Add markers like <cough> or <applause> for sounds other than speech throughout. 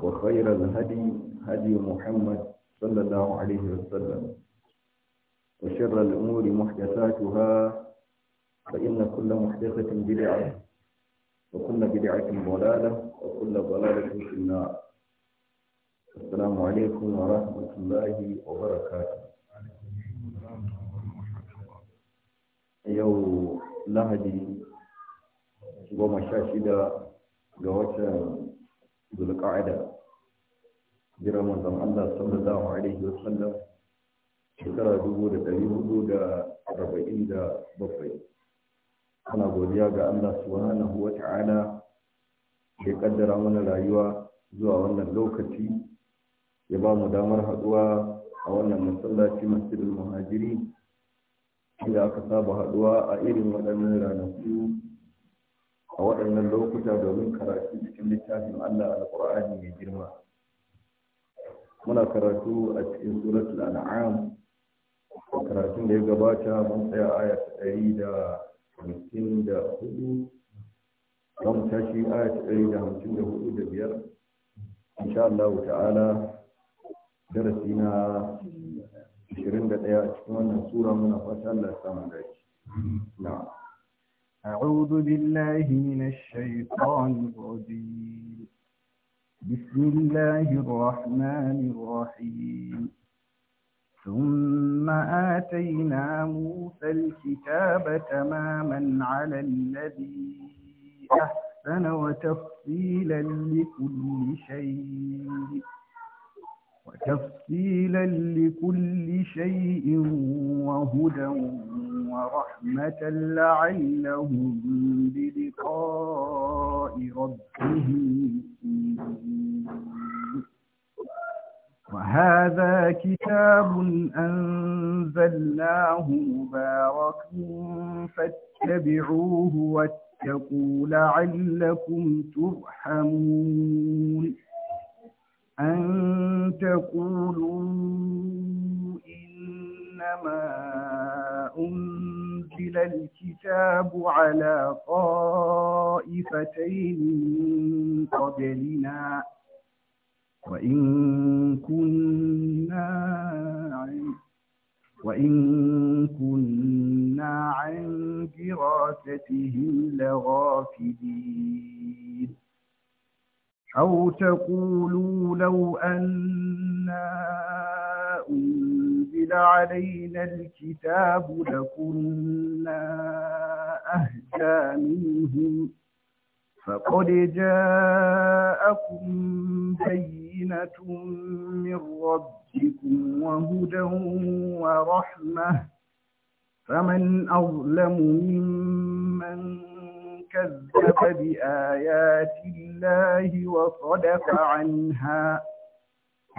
وخير الهدي هدي محمد صلى الله عليه وسلم وشر الأمور محدثاتها فإن كل محدثة بدعة وكل بدعة ضلالة وكل ضلالة في النار السلام عليكم ورحمة الله وبركاته يوم لهدي goma sha zulqa'ada jira manzon Allah sallallahu alaihi wasallam shekara dubu da ɗari hudu da arba'in da bakwai ana godiya ga Allah subhanahu wa ta'ala ya ƙaddara mana rayuwa zuwa wannan lokaci ya ba mu damar haɗuwa a wannan masallaci masjidul muhajiri inda aka saba haɗuwa a irin waɗannan ranaku a waɗannan lokuta domin karatu cikin littafin Allah alƙur'ani mai girma muna karatu a cikin suratul an'am karatun da ya gabata mun tsaya aya ta ɗari da hamsin da hudu za tashi aya ta ɗari da hamsin da hudu da biyar insha Allah ta'ala darasi na ashirin da ɗaya a cikin wannan sura muna fata Allah ya samu dace na'am أعوذ بالله من الشيطان الرجيم بسم الله الرحمن الرحيم ثم آتينا موسى الكتاب تماما على الذي أحسن وتفصيلا لكل شيء وتفصيلا لكل شيء وهدى ورحمة لعلهم بلقاء ربهم وهذا كتاب أنزلناه مبارك فاتبعوه واتقوا لعلكم ترحمون أن تقولوا إنما أنزل الكتاب على طائفتين من قبلنا وإن كنا عن وإن كنا عن دراستهم لغافلين أو تقولوا لو أنا أنزل علينا الكتاب لكنا أهدى منهم فقد جاءكم بينة من ربكم وهدى ورحمة فمن أظلم ممن كذب بآيات الله وصدف عنها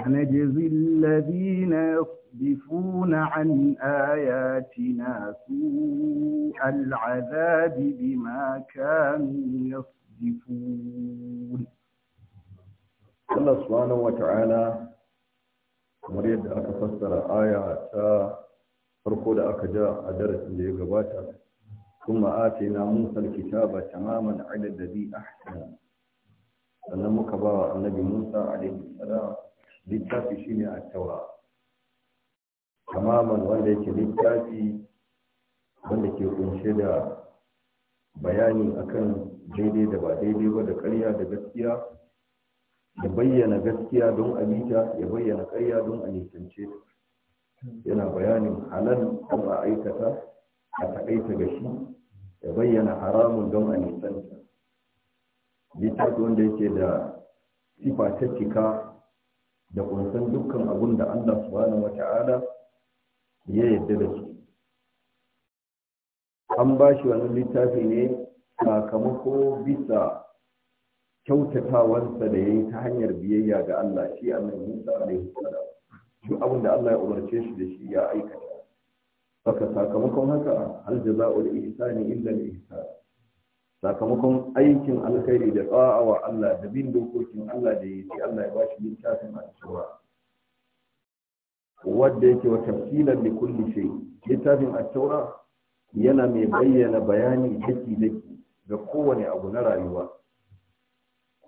نجزي الذين يصدفون عن آياتنا سوء العذاب بما كانوا يصدفون الله سبحانه وتعالى مريد yadda aka fassara aya ta farko da ثم آتينا موسى الكتاب تماما عدد ذي أحسن sannan muka ba wa annabi Musa alaihi salam littafi shine at-taura wanda yake littafi wanda ke kunshe da bayani akan daidai da ba daidai ba da karya da gaskiya ya bayyana gaskiya don a mita ya bayyana ƙarya don a nisance yana bayanin halal da ba aikata a taƙaita ga shi ya bayyana haramun don a nisanta littafi wanda yake da sifa ta cika da kunsan dukkan abun da allah subhanahu wa ta'ala ya yarda da su an ba shi wani littafi ne sakamako bisa kyautatawansa da ya yi ta hanyar biyayya ga allah shi annabi musa alaihi salam duk abin da allah ya umarce shi da shi ya aikata haka sakamakon haka a? aljaza'ul ihsani illa al-ihsan sakamakon aikin alkhairi da tsawa wa Allah da bin dokokin Allah da yake Allah ya bashi littafin al-shura wanda yake wa tafsilan da kulli shay littafin al yana mai bayyana bayani daki daki ga kowane abu na rayuwa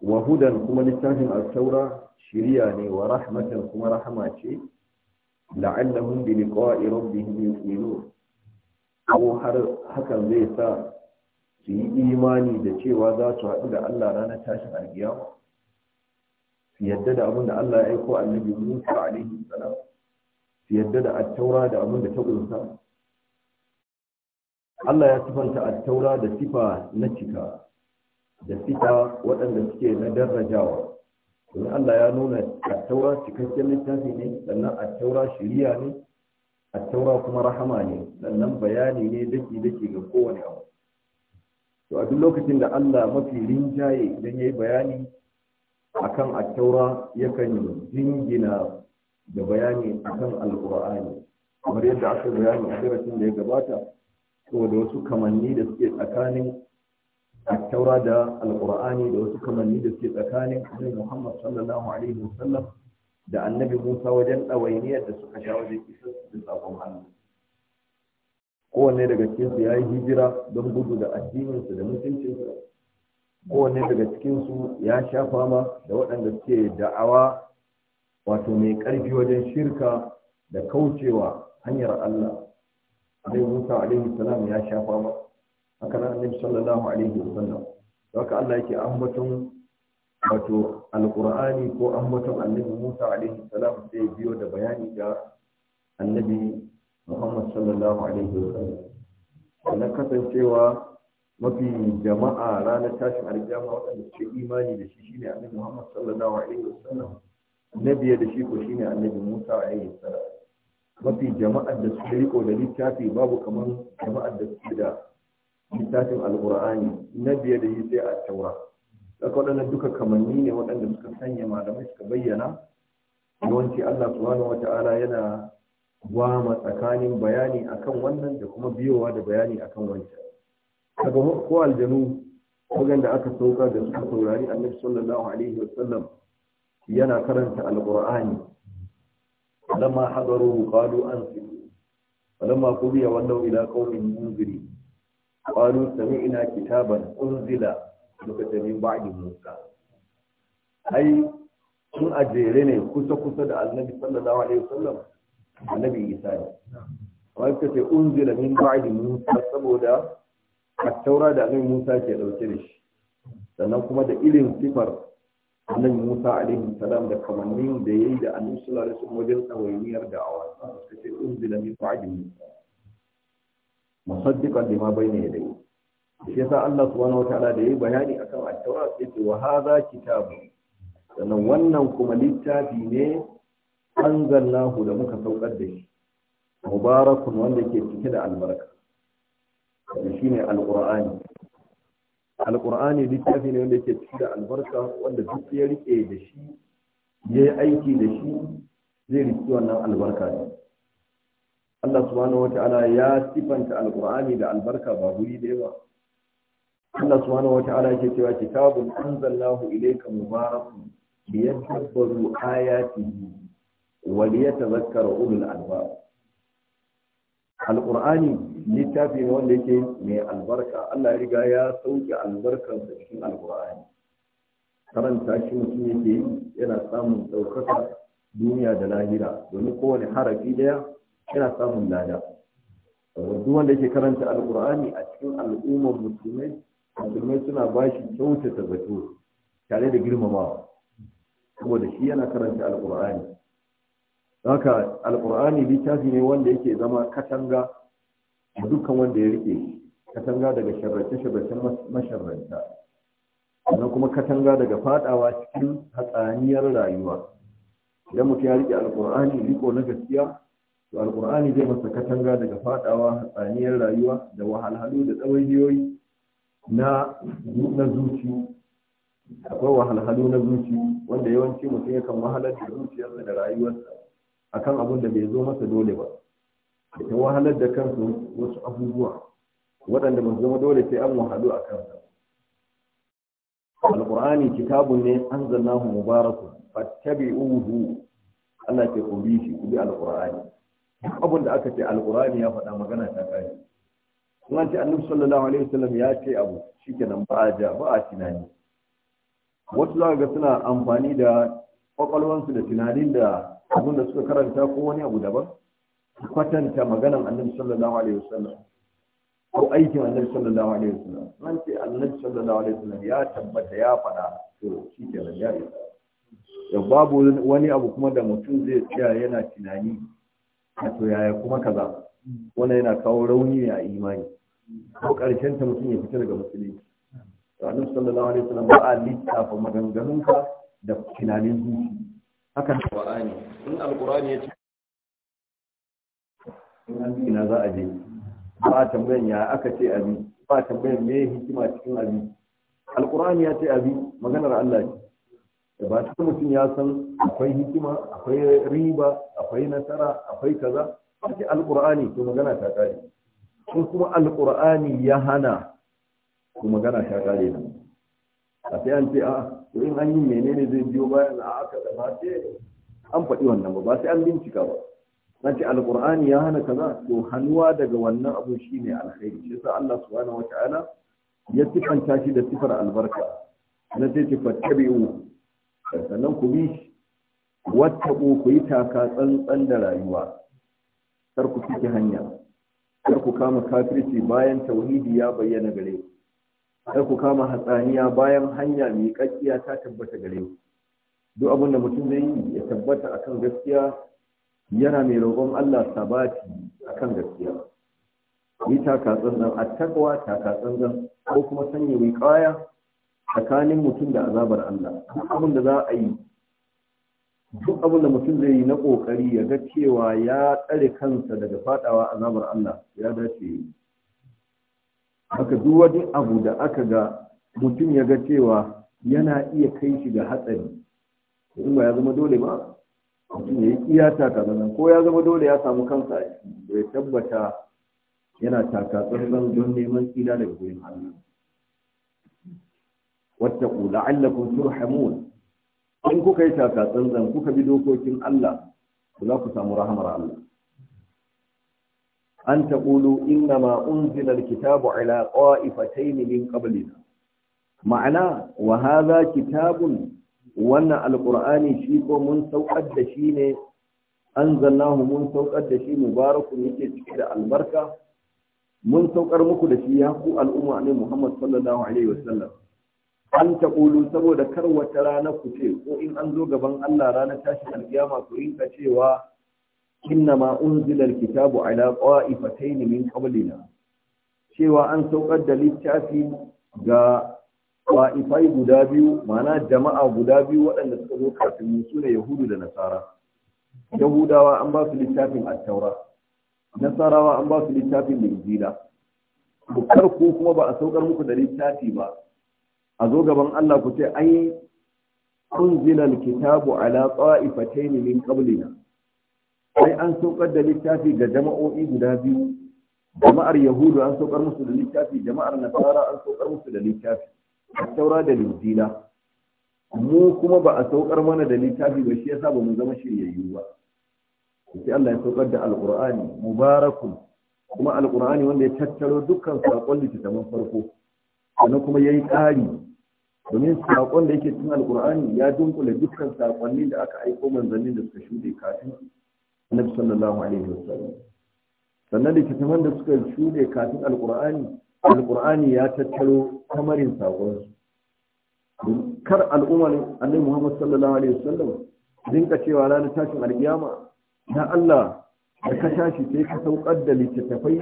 wa hudan kuma littafin al shirya shiriya ne wa rahmatan kuma rahama ce la'annahum bi liqa'i rabbihim yuqinun ko har hakan zai sa su yi imani da cewa za su haɗu da Allah ranar tashin alkiyama su yadda da abin da Allah ya aiko annabi Musa alaihi salam su yadda da attaura da abin da ta ƙunsa. Allah ya sifanta attaura da sifa na cika da sifa waɗanda suke na darajawa domin Allah ya nuna a taura cikakken littafi ne sannan a taura shiriya ne a taura kuma rahama ne sannan bayani ne daki daki ga kowane abu to a duk lokacin da Allah mafi rinjaye idan yayi bayani akan taura yakan jingina da bayani akan alqur'ani kamar yadda aka bayani a da ya gabata saboda wasu kamanni da suke tsakanin taura da alkur'ani da wasu kamanni da suke tsakanin annabi muhammad sallallahu alaihi wasallam da annabi musa wajen ɗawainiyar da suka sha wajen isar da sakon hannu kowanne daga cikinsu ya yi hijira don gudu da addininsa da mutuncinsa kowanne daga cikinsu ya sha fama da waɗanda suke da'awa wato mai ƙarfi wajen shirka da kaucewa hanyar allah annabi musa alaihi salam ya sha fama haka na annabi sallallahu alaihi wasallam haka Allah yake ambaton wato alqur'ani ko ambaton annabi Musa alaihi salam sai biyo da bayani ga annabi Muhammad sallallahu alaihi wasallam wannan kasancewa mafi jama'a ranar tashin aljama waɗanda suke imani da shi shine annabi Muhammad sallallahu alaihi wasallam nabi da shi ko shine annabi Musa alaihi salam mafi jama'ar da suke riko da littafi babu kamar jama'ar da suke da littafin alkur'ani na biyar da yi sai a taura daga waɗannan duka kamanni ne waɗanda suka sanya malamai suka bayyana yawanci allah subhanahu wata'ala yana gwama tsakanin bayani akan wannan da kuma biyowa da bayani akan wancan daga ko aljanu da aka sauka da suka saurari annabi sallallahu alaihi wasallam yana karanta alkur'ani lamma hadaru qalu ansitu lamma qudiya wallahu ila qaumin munzirin قالوا سمعنا kitaban unzila lokacin بعد موسى musa ai sun ajere ne kusa kusa da annabi sallallahu alaihi wasallam annabi isa ne ka ce unzila min ba'di musa saboda attaura taura da annabi musa ke dauke da shi sannan kuma da irin sifar annabi Musa alaihi salam da kamannin da yayi da annabi sallallahu alaihi wasallam wajen tsawayyar da'awa sai unzila min ba'di Musa musaddiqan lima bayna yadayhi shi yasa Allah subhanahu wataala da yayi bayani akan at-taurat yace wa hadha sannan wannan kuma littafi ne anzalnahu da muka saukar da shi mubarakun wanda ke cike da albarka da shi ne alqur'ani littafi ne wanda ke cike da albarka wanda duk ya riƙe da shi ya aiki da shi zai rike wannan albarka ne Allah subhanahu ta'ala ya sifanta Alƙur'ani da albarka ba guri da yawa Allah subhanahu ta'ala yake cewa kitabun anzalnahu ilayka mubarakun liyadabbaru ayatihi wa liyatadhakkara ulul albab alqur'ani littafi ne wanda yake mai albarka Allah ya riga ya sauke sa cikin Alƙur'ani. karanta shi mutum yake yana samun ɗaukaka duniya da lahira domin kowane harafi daya yana samun lada duk wanda yake karanta alkur'ani a cikin al'ummar musulmai musulmai suna ba shi kyautata zato tare da girmamawa saboda shi yana karanta alkur'ani haka alkur'ani littafi ne wanda yake zama katanga dukkan wanda ya rike katanga daga sharrace-sharracen masharranta sannan kuma katanga daga fadawa cikin hatsaniyar rayuwa idan mutum ya rike alkur'ani riko na gaskiya to alkur'ani zai masa katanga daga fadawa hatsaniyar rayuwa da wahalhalu da tsawainiyoyi na na zuci akwai wahalhalu na zuci wanda yawanci mutum yakan wahalar da zuciyarsa da rayuwarsa akan abin da bai zo masa dole ba ta wahalar da kansu wasu abubuwa waɗanda ba zama dole sai an wahalu a kansa alqur'ani kitabun ne an zanna mu mubaraku fattabi'uhu Allah ke ku bi shi ku bi abin da aka ce alqur'ani ya faɗa magana ta kare. kuma ce annabi sallallahu alaihi wasallam ya ce abu shikenan ba a ja ba a tunani wasu za ga suna amfani da kwakwalwansu da tunanin da abin da suka karanta ko wani abu daban kwatanta maganan annabi sallallahu alaihi wasallam ko aikin annabi sallallahu alaihi wasallam kuma ce annabi sallallahu alaihi wasallam ya tabbata ya faɗa to shi ke nan ya isa babu wani abu kuma da mutum zai tsaya yana tunani wato yaya kuma kaza wannan yana kawo rauni ne a imani ko karshen ta mutum ya fita daga musulunci to annabi sallallahu alaihi wasallam ba a littafa maganganunka da tunanin zuci hakan qur'ani in alqur'ani ya ce ina za a je ba tambayan ya aka ce abi ba tambayan me hikima cikin abi alqur'ani ya ce abi maganar Allah ne da ba ta mutum ya san akwai hikima akwai riba akwai nasara akwai kaza ake Alƙur'ani ko magana ta kare ko kuma Alƙur'ani ya hana ko magana ta kare ne a sai an ce a to in an yi menene zai biyo bayan a aka da ba ce an faɗi wannan ba ba sai an bincika ba na ce alkur'ani ya hana kaza to hannuwa daga wannan abu shine alkhairi shi yasa Allah subhanahu ta'ala ya sifanta shi da sifar albarka na ce ce fattabi'u sannan ku bi wata wattaɓo ku yi taka tsantsan da rayuwa kar ku cike hanya kar ku kama kafirci bayan tauhidi ya bayyana gare ku kar ku kama hatsaniya bayan hanya mai kakkiya ta tabbata gare ku duk abin da mutum zai yi ya tabbata akan gaskiya yana mai roƙon Allah sabati akan gaskiya yi taka tsantsan a takwa taka tsantsan ko kuma sanya kaya. tsakanin mutum da azabar Allah duk abin da za a yi duk abin da mutum zai yi na kokari ya ga cewa ya tsare kansa daga fadawa azabar Allah ya dace haka duk wani abu da aka ga mutum ya ga cewa yana iya kai shi ga hatsari in ba ya zama dole ba mutum ya yi iya takatsantsan ko ya zama dole ya samu kansa ya tabbata yana takatsantsan don neman tsira daga gurin Allah wattaqu la'allakum turhamun in kuka yi taka tsantsan kuka bi dokokin Allah za ku samu rahamar Allah an taqulu inna ma unzila alkitabu ala qa'ifatayn min qablina ma'ana wa hadha kitabun wannan alqur'ani shi ko mun saukar da shi ne anzalnahu mun saukar da shi mubarakun yake cike da albarka mun saukar muku da shi ya ku al'umma ne Muhammad sallallahu alaihi wasallam an taƙulu saboda kar wata rana ku ce ko in an zo gaban Allah ranar tashin alƙiyama ku rinka cewa inna ma unzilal kitabu ala qa'ifatayn min qablina cewa an saukar da littafi ga qa'ifai guda biyu ma'ana jama'a guda biyu waɗanda suka zo kafin mu sune yahudu da nasara yahudawa an ba su littafin at-taura nasarawa an ba su littafin injila kar ku kuma ba a saukar muku da littafi ba a zo gaban Allah ku ce ai unzilal kitabu ala qa'ifatayn min qablina ai an saukar da littafi ga jama'o'i guda biyu jama'ar yahudu an saukar musu da littafi jama'ar nasara an saukar musu da littafi taura da linjila mu kuma ba a saukar mana da littafi ba shi yasa ba mu zama shiryayyu ba sai Allah ya saukar da alqur'ani mubarakun kuma alqur'ani wanda ya tattaro dukkan sakon littafin farko sannan kuma ya yi ƙari domin saƙon da yake cikin alƙur'ani ya dunkula dukkan saƙonni da aka aiko manzannin da suka shuɗe kafin annabi sallallahu alaihi wa sallam sannan da kitaman da suka shuɗe kafin alƙur'ani alƙur'ani ya tattaro kamarin saƙonsu kar al'umma annabi muhammad sallallahu alaihi wa sallam dinka cewa ranar tashin alƙiyama na Allah da ka tashi sai ka saukar da littattafai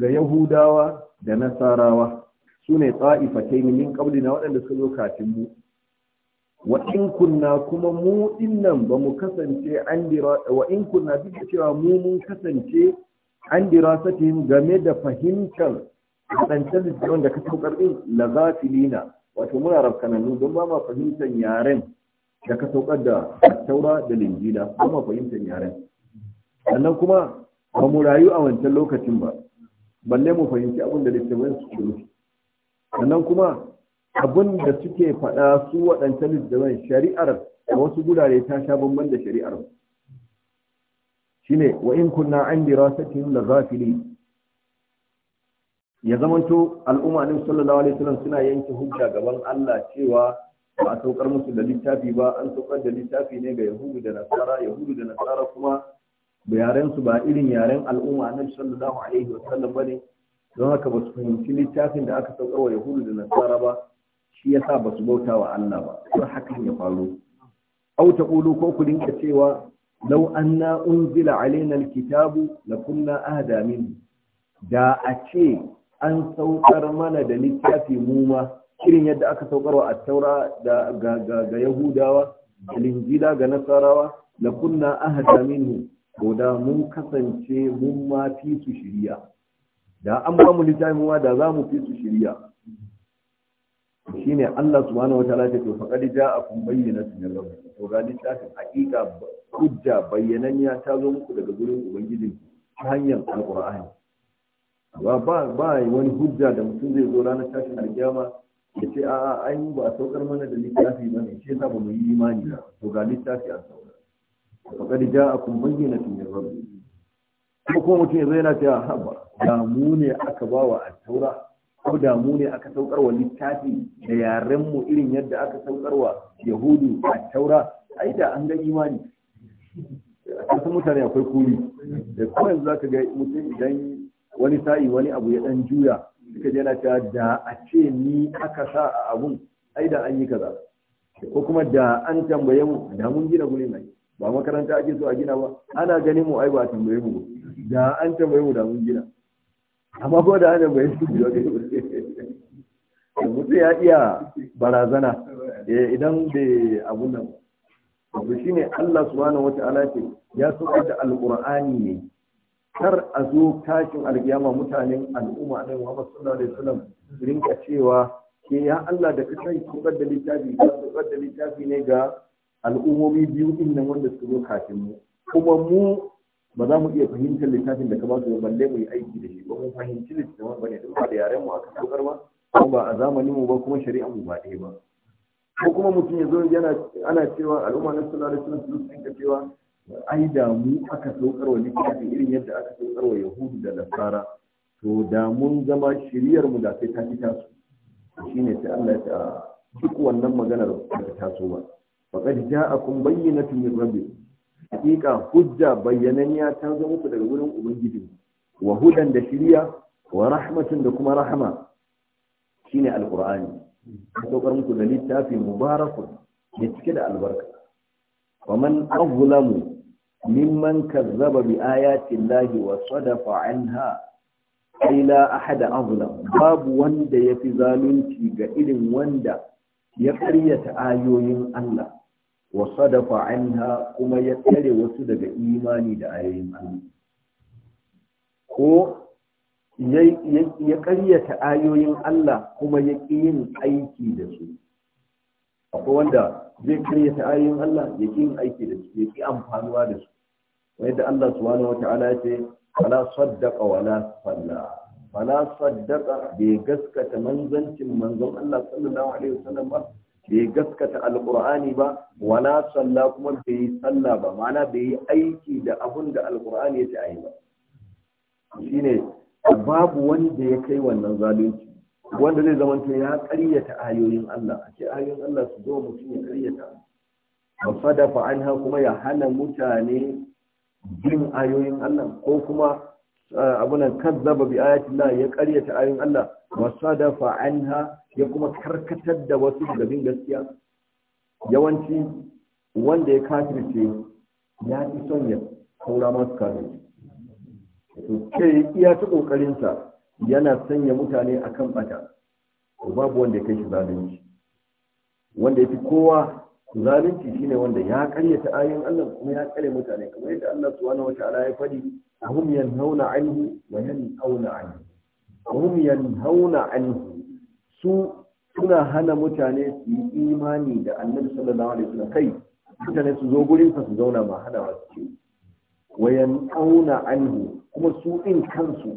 ga Yahudawa da Nasarawa Sune ne tsa'ifatai min qablina waɗanda suka zo kafin mu wa in kunna kuma mu dinnan ba mu kasance an dira wa in kunna duk cewa mu mun kasance an dira game da fahimtar da littattafan da ka saukar din la zafilina wato muna rafkananu don ba ma fahimtar yaren da ka saukar da taura da linjila ba ma fahimtar yaren sannan kuma ba mu rayu a wancan lokacin ba balle mu fahimci abin da littafin su ke nufi sannan kuma abin da suke faɗa su waɗancan littattafan shari'ar da wasu gurare ta sha bambam da shari'ar shine wa in kunna an dirasatin da zafili ya zamanto al'umma ne sallallahu alaihi wasallam suna yanke hujja gaban Allah cewa ba a saukar musu da littafi ba an saukar da littafi ne ga yahudu da nasara yahudu da nasara kuma da yaren su ba irin yaren al'umma ne sallallahu alaihi wasallam bane don haka ba su fahimci littafin da aka saukar wa yahudu da nasara ba shi ya sa ba su bauta wa Allah ba har hakan ya faru au ta ƙulu ko ku dinka cewa lau anna unzila alaina alkitabu la kunna ahda min da a ce an saukar mana da littafi mu ma irin yadda aka saukar wa at-taura da ga, ga yahudawa da linjila ga nasarawa la kunna ahda minhu ko da mun kasance mun ma fi su shiriya da an ba mu littafin ma da za mu fi su shirya shine Allah subhanahu wataala ya ce faqad ja'akum bayyinatun min rabbikum to ga littafin hakika hujja bayyananniya ta zo muku daga gurin ubangiji ta hanyar alqur'ani ba ba ba wani hujja da mutum zai zo ranar tashin alkiyama ya ce a'a ai mu ba saukar mana da littafi bane shi yasa ba mu yi imani ba to ga littafi a saukar faqad ja'akum bayyinatun min rabbikum ko kuma mutum ya zo yana cewa haba damu ne aka ba wa attaura ko damu ne aka saukar wa littafi da yarenmu irin yadda aka saukar wa yahudu attaura ai da an ga imani wasu mutane akwai koli da kuma yanzu ka ga mutum idan wani sa'i wani abu ya dan juya suka je yana da a ce ni aka sa a abun ai da an yi kaza ko kuma da an tambaye mu da mun gina guri mai ba makaranta ake so a gina ba ana ganin mu ai ba tambaye mu da an tambaye mu da mun gina amma ko da an tambaye mu da mutum ya iya barazana eh, idan bai abun nan to shine Allah subhanahu wataala ce ya so da alqur'ani ne kar a zo tashin alkiyama mutanen al'umma ne wa sallallahu alaihi wasallam rinka cewa ke eh, ya Allah da ka kai ko da littafi ka da littafi ne ga al'ummomi biyu din nan wanda suka zo kafin mu kuma mu ba za mu iya fahimtar littafin da ka ba su ba balle mu yi aiki da shi ba mu fahimci littafin ba ne da ba da yaren mu aka saukar ba kuma ba a zamanin mu ba kuma shari'a mu ba ɗaya ba ko kuma mutum ya zo yana ana cewa al'umma na sallallahu alaihi wasallam sun ka cewa ai da mu aka saukar wa littafin irin yadda aka saukar wa yahudu da nasara to da mun zama shiriyar mu da sai ta fita su shine sai Allah ya ta duk wannan maganar ba ta taso ba faqad ja'akum bayyinatun min rabbikum haqiqa hujja bayyananniya ta zo muku daga wurin ubangiji wa hudan da shiriya wa rahmatun da kuma rahama shine alqur'ani saukar muku da littafi mubarakun da cike da albarka wa man azlamu mimman kazzaba bi ayati llahi wa sadafa anha ai la ahada azlam babu wanda yafi zalunci ga irin wanda ya karyata ayoyin Allah wa sadafa anha kuma ya tsare wasu daga imani da ayoyin ko ya ƙaryata ayoyin Allah kuma ya ƙi yin aiki da su akwai wanda zai karyata ayoyin Allah ya ƙi yin aiki da su ya ƙi amfanuwa da su wanda Allah subhanahu wata'ala ya ce fala saddaqa wala salla fala saddaqa bai gaskata manzancin manzon Allah sallallahu alaihi wasallam ba bai gaskata alqur'ani ba wala salla kuma bai yi salla ba ma'ana bai yi aiki da abun da alqur'ani ya ce ayi ba shine babu wanda ya kai wannan zalunci wanda zai zama to ya ƙaryata ayoyin Allah a ce ayoyin Allah su zo mutum ya ƙaryata ba fa anha kuma ya hana mutane jin ayoyin Allah ko kuma eh, abunan kazzaba bi ayati Allah ya karyata ayoyin Allah wa sadafa anha ya kuma karkatar da wasu daga bin gaskiya yawanci wanda ya kafirce ya fi son ya saura masu kafirce to ke iya ta kokarinsa yana sanya mutane a akan bata babu wanda ya kai shi zalunci wanda ya fi kowa zalunci ne wanda ya karyata ayoyin Allah kuma ya kare mutane kamar yadda Allah subhanahu ala ya faɗi hum yanhauna anhu wa yanhauna anhu su suna hana mutane su yi imani da annabi sallallahu alaihi wasallam kai mutane su zo gurin sa su zauna ma hana wa su wayan auna anhu kuma su din kansu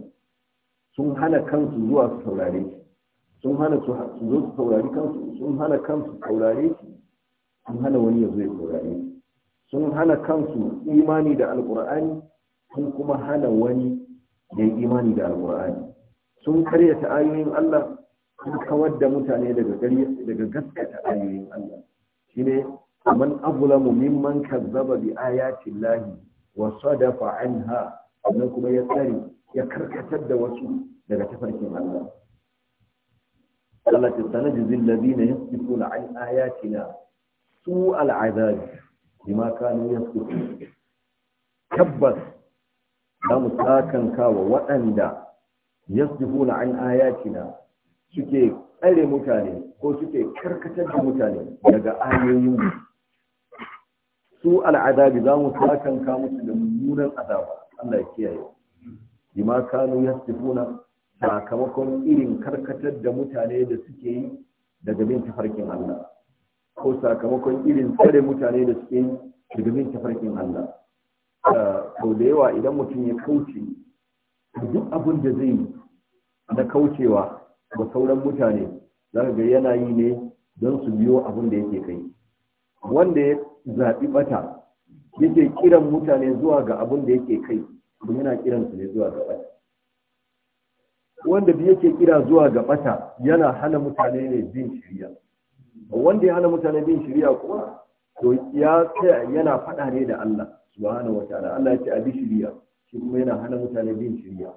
sun hana kansu zuwa su saurare shi sun hana su zo su saurare kansu sun hana kansu saurare shi sun hana wani ya zo ya saurare shi sun hana kansu imani da alqur'ani sun kuma hana wani ya yi imani da alqur'ani sun karyata ayoyin Allah kawar da mutane daga gari daga gaskata ayoyin Allah shine man azlamu mimman kazzaba bi ayati llahi wa sadafa anha sannan kuma ya tsare ya karkatar da wasu daga tafarkin Allah Allah ta sanajin zillazina yasbituna an ayatina su al'azab bima kanu yasbituna tabbas za mu sakanka kawa waɗanda yasbituna an ayatina suke tsare mutane ko suke karkatar da mutane daga ayoyin su al'adabi za mu sakanka musu da munan azaba Allah ya kiyaye bima kanu yastifuna sakamakon irin karkatar da mutane da suke yi daga bin tafarkin Allah ko sakamakon irin tsare mutane da suke yi daga bin tafarkin Allah ah, sau da yawa idan mutum ya kauce duk abin da zai na kaucewa Da sauran mutane za ka ga yana yi ne don su biyo abin da yake kai wanda ya zaɓi bata yake kiran mutane zuwa ga abin da yake kai yana kiran su ne zuwa ga bata wanda bi yake kira zuwa ga bata yana hana mutane ne bin shirya wanda ya hana mutane bin shirya kuma to ya yana faɗa ne da Allah subhanahu wataala Allah ya ce a bi shirya shi kuma yana hana mutane bin shirya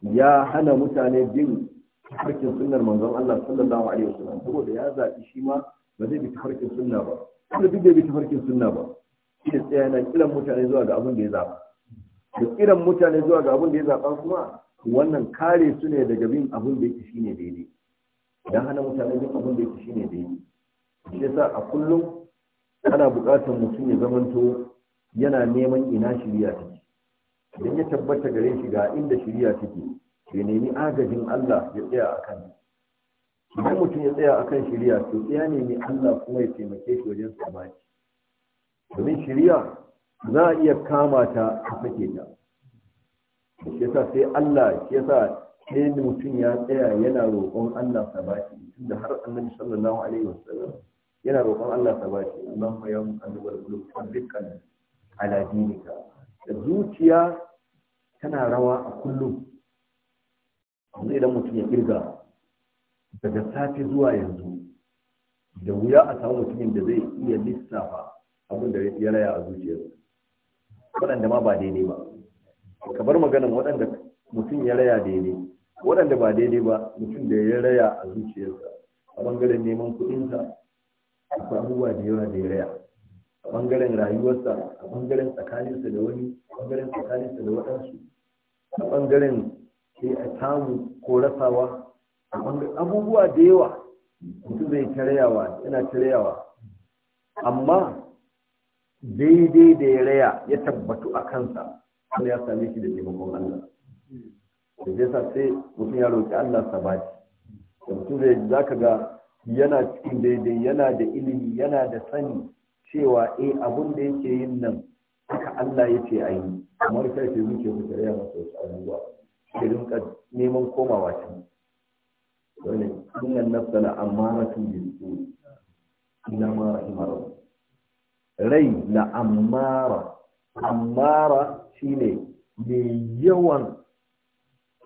ya hana mutane bin harkin sunnar manzon Allah sallallahu alaihi wasallam saboda ya zaɓi shi ma ba zai bi harkin sunna ba kuma duk da bi harkin sunna ba shi tsaya yana kiran mutane zuwa ga abin da ya zaɓa da kiran mutane zuwa ga abin da ya zaɓa kuma wannan kare su ne daga bin abin da yake shine daidai dan hana mutane bin abin da yake shine daidai shi yasa a kullum ana buƙatar mutum ya zamanto yana neman ina shiriya take idan ya tabbata gare shi ga inda shiriya take ya nemi agajin Allah ya tsaya a kan idan mutum ya tsaya akan kan shirya to ya nemi Allah kuma ya taimake shi wajen sabaci domin shirya za a iya kama ta a sake ta shi yasa sai Allah shi yasa sai mutum ya tsaya yana roƙon Allah sabaki tunda har annabi sallallahu alaihi wasallam yana roƙon Allah sabaki Allahumma ya muqallibal qulub thabbitna ala dinika zuciya tana rawa a kullum yanzu idan mutum ya kirga daga safi zuwa yanzu da wuya a samu mutumin da zai iya lissafa abin da ya raya a zuciyarsa waɗanda ma ba daidai ba ka bar maganin waɗanda mutum ya raya daidai waɗanda ba daidai ba mutum da ya raya a zuciyarsa a ɓangaren neman kuɗinsa akwai abubuwa da yawa da ya raya a ɓangaren rayuwarsa a ɓangaren tsakaninsa da wani a ɓangaren tsakaninsa da waɗansu a ɓangaren sai a samu ko rasawa abubuwa da yawa mutum zai tarayawa yana tarayawa amma daidai da ya raya ya tabbatu a kansa wanda ya same shi da taimakon Allah da zai sa sai mutum ya roƙi Allah sabati da mutum zai za ka ga yana cikin daidai yana da ilimi yana da sani cewa eh abun da yake yin nan haka Allah ya ce a yi kamar kai ke muke mu tarayya masa wasu abubuwa Ka rinka neman komawa can wani sunan nafsa la amaratu su ina ma rahimar rai na amara amara shine mai yawan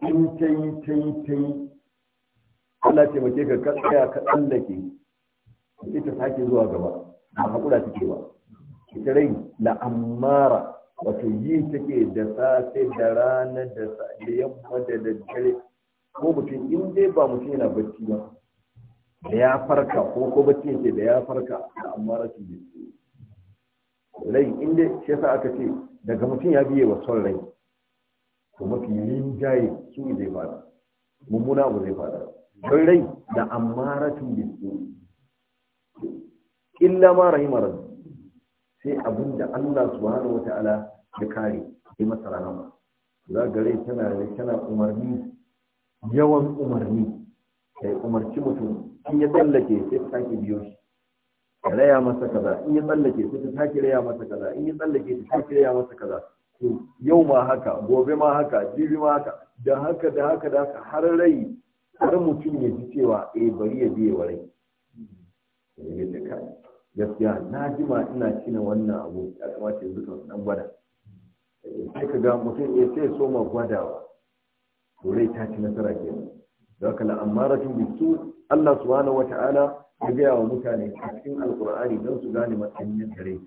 in ta yi ta yi ta yi Allah ce mace ka kasaya tsaya ka tsallake ita sake zuwa gaba ba haƙura take ba ita rai la amara wato yi take da safe da rana da da yamma da daddare ko mutum in dai ba mutum yana bacci ba da ya farka ko ko bacci yake da ya farka amma rashin bacci rai in dai shi yasa aka ce daga mutum ya biye wa son rai to mafi linjaye su zai fada mummuna abu zai fada don rai da amma rashin bacci illa ma rahimar rabbi sai abin da Allah subhanahu wata'ala ya kare ya masa rahama za ga rai tana tana umarni yawan umarni kai umarci mutum in ya tsallake sai ta sake biyo shi raya masa kaza in ya tsallake sai ta sake raya masa kaza in ya tsallake ta sake raya masa kaza to yau ma haka gobe ma haka jibi ma haka da haka da haka da haka har rai har mutum ya ji cewa eh bari ya biye wa rai ya ce kai gaskiya na jima ina cina wannan abu ya kamata yanzu kan dan gwada sai ka ga mutum ya sai so ma gwadawa to rai ta ci nasara ke da haka amma amaratun bisu Allah subhanahu wataala ya gaya wa mutane a cikin alqur'ani don su gane matsayin da rai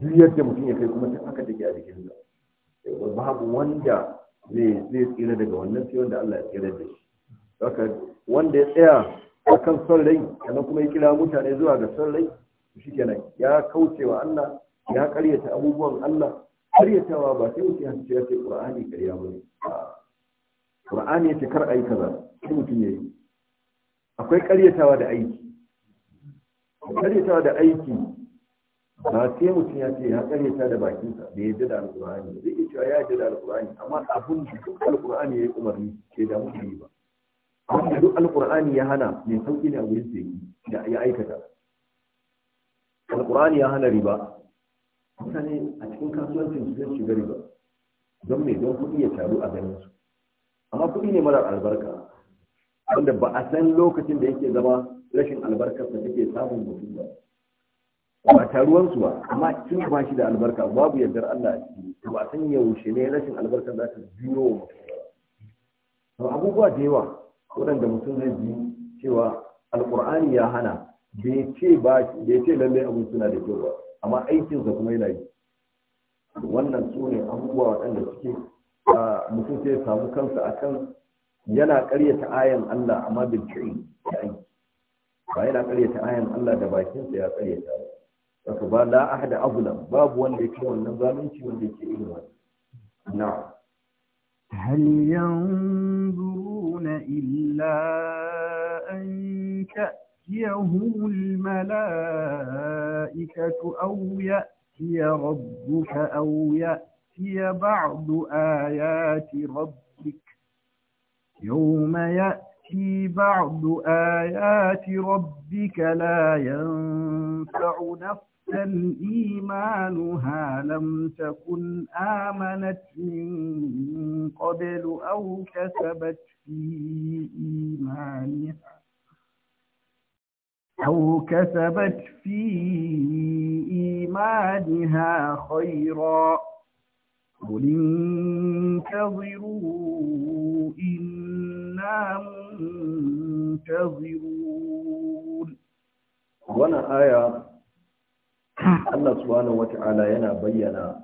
duk yadda mutum ya kai kuma ta haka take a jikin sa babu wanda zai tsira daga wannan sai wanda Allah ya tsira da shi wanda ya tsaya a kan son rai sannan kuma ya kira mutane zuwa ga son rai shi kenan ya kauce wa Allah ya karyata abubuwan Allah karyatawa ba sai mutum ya ce ya ce Qur'ani karya bane Qur'ani ya ce kar ai kaza sai mutum ya yi akwai karyatawa da aiki karyatawa da aiki ba sai mutum ya ce ya karyata da bakinsa da yadda da alƙur'ani zai iya cewa ya yadda da alƙur'ani amma abun da duk alƙur'ani ya yi umarni ke da mutum ba wanda duk alkur'ani ya hana mai sauki ne a wurin da ya aikata alkur'ani ya hana riba mutane a cikin kasuwancin su zai shiga riba don mai don kuɗi ya taru a ganin su amma kuɗi ne marar albarka wanda ba a san lokacin da yake zama rashin albarkarsa take samun mutum ba ba su ba amma sun ba shi da albarka babu yardar Allah a ciki ba san yaushe ne rashin albarkar za ta biyo wa Ba abubuwa da yawa waɗanda mutum zai ji cewa Alƙur'ani ya hana bai ce lallai abin suna da kyau ba amma aikinsa kuma yana yi wannan su ne abubuwa waɗanda suke mutum sai samu kansa akan yana ƙaryata ayan Allah amma bil fi'l ya aiki ba yana ƙaryata ayan Allah da bakinsa ya ƙaryata ba ba la ahada azlam babu wanda yake wannan zalunci wanda yake irin wannan na'am hal yanzuru يشاءون إلا أن تأتيهم الملائكة أو يأتي ربك أو يأتي بعض آيات ربك يوم يأتي بعض آيات ربك لا ينفع نفسك إيمانها لم تكن آمنت من قبل أو كسبت في إيمانها أو كسبت في إيمانها خيرا قل انتظروا إنا منتظرون وانا آية Allah subhanahu wata'ala yana bayyana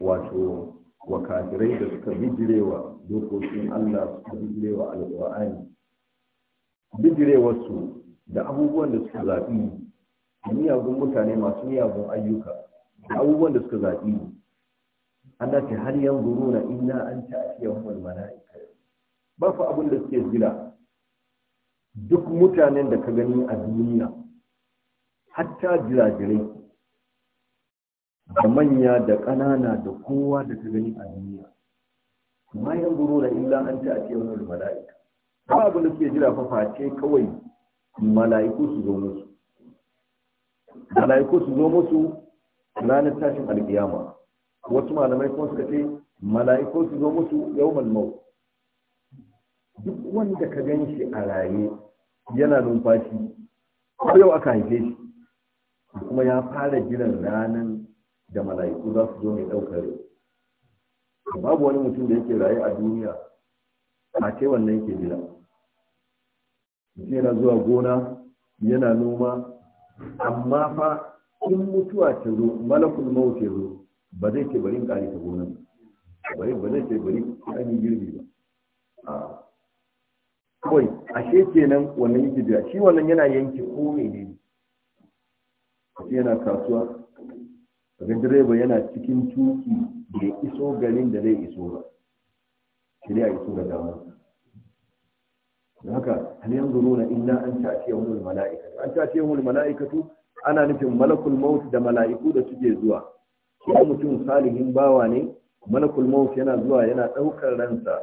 wato wa da suka bijirewa dokokin Allah suka bijirewa alƙur'ani bijirewarsu da abubuwan da suka zaɓi miyagun mutane masu miyagun ayyuka da abubuwan da suka zaɓi Allah ta har yanzu nuna inna an ta'atiyahum al-mala'ika ba fa abin da suke jira duk mutanen da ka gani a duniya hatta jirajirai da manya da ƙanana da kowa da ta gani a duniya ma yan guru da illa an ta ce wani mala'ika ba abin da suke jira fafa kawai mala'iku su zo musu mala'iku su zo musu ranar tashin alkiyama wasu malamai kuma suka ce mala'iku su zo musu yau malmau duk wanda ka gan shi a raye yana numfashi ko yau aka haife shi kuma ya fara jiran ranan da mala'iku za su zo mai ɗaukar babu wani mutum da yake raye a duniya a ce wannan yake jira yana zuwa gona yana noma amma fa in mutuwa ta zo malakul maut zo ba zai ce bari ƙari ta gona ba zai ce bari ƙari girbi ba kawai ashe kenan wannan yake jira shi wannan yana yanke ko ne yana kasuwa kaga direba yana cikin tuki bai iso garin da zai iso ba shirya iso da dama da haka hal yanzuruna inna an ta'tiyahumul mala'ikatu an ta'tiyahumul mala'ikatu ana nufin malakul maut da mala'iku da suke zuwa ko mutum salihin bawa ne malakul maut yana zuwa yana daukar ransa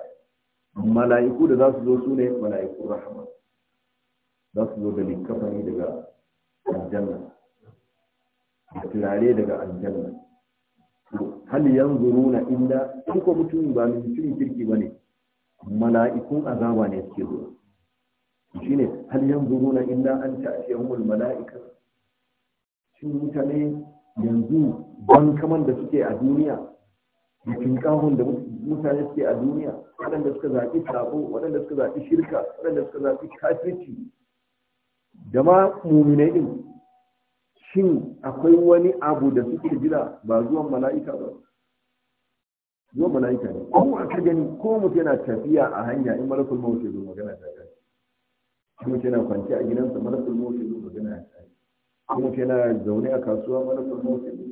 mala'iku da za su zo su ne mala'iku rahama za su zo da likafani daga aljanna da turare daga aljanna hal yanzuruna illa in ko mutum ba mutum kirki bane mala'ikun azaba ne suke zuwa shine hal yanzuruna illa an ta'tiyahumul mala'ika shin mutane yanzu ban kaman da suke a duniya bikin kahun da mutane suke a duniya waɗanda suka zaɓi sabo waɗanda suka zaɓi shirka waɗanda suka zaɓi kafirci da ma muminai din shin akwai wani abu da suke jira ba zuwan mala'ika ba zuwan mala'ika ne ko ka gani ko mutum yana tafiya a hanya in malakul maut ya zo magana ta kai ko mutum yana kwanci a gidansa malakul maut ya zo magana ta kai ko mutum yana zaune a kasuwa malakul maut ya zo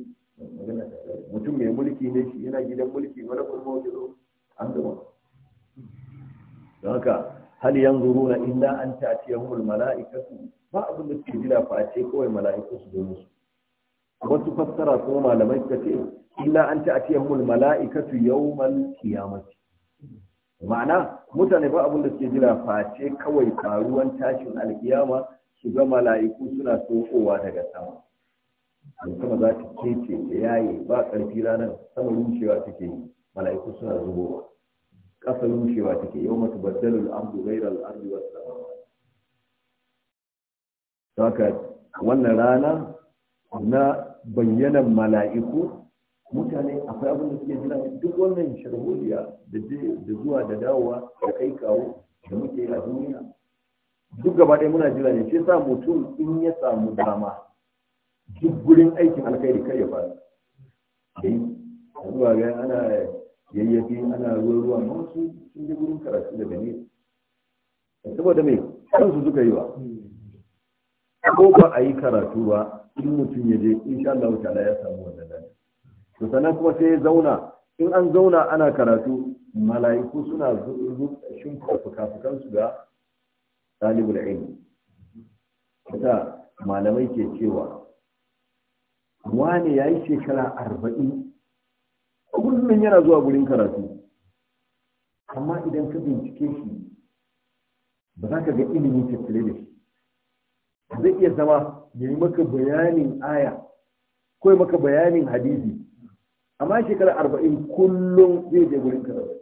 magana ta kai mutum mai mulki ne shi yana gidan mulki malakul maut ya zo an gama don haka hal yanzuruna illa an ta'tiyahumul mala'ikatu ba abin da suke jira fa ce kawai mala'iku su zo musu wasu fassara kuma malamai suka ce illa an ta atiyahumul mala'ikatu yawmal qiyamati ma'ana mutane ba abin da suke jira face kawai faruwan tashin alkiyama su ga mala'iku suna tsokowa daga sama sama za ta kece da yaye ba ƙarfi ranar sama rushewa take yi mala'iku suna zubowa ƙasa rushewa take yau mata baddalul amdu ghairal ardi wasa saka wannan rana na bayyana mala'iku mutane akwai abin da suke jira duk wannan sharholiya da zuwa da dawowa da kai kawo da muke a duniya duk gaba ɗaya muna jira ne shi sa mutum in ya samu dama duk gurin aikin alkhairi kai ya fara yayi zuwa ga ana yayyafi ana ruwa ruwa ma sun je gurin karatu daga ne saboda me kansu suka yi wa ko ba a yi karatu ba in mutum ya je insha Allah ta'ala ya samu wannan dan to sanan kuma sai ya zauna in an zauna ana karatu mala'iku suna zuwa fuka-fukan su ga dalibul ilmi ta malamai ke cewa wani ya shekara arba'in kullum yana zuwa gurin karatu amma idan ka bincike shi ba za ka ga ilimi tattale da zai iya zama ya yi maka bayanin aya ko ya maka bayanin hadisi amma shekara arba'in kullum zai je gurin kaza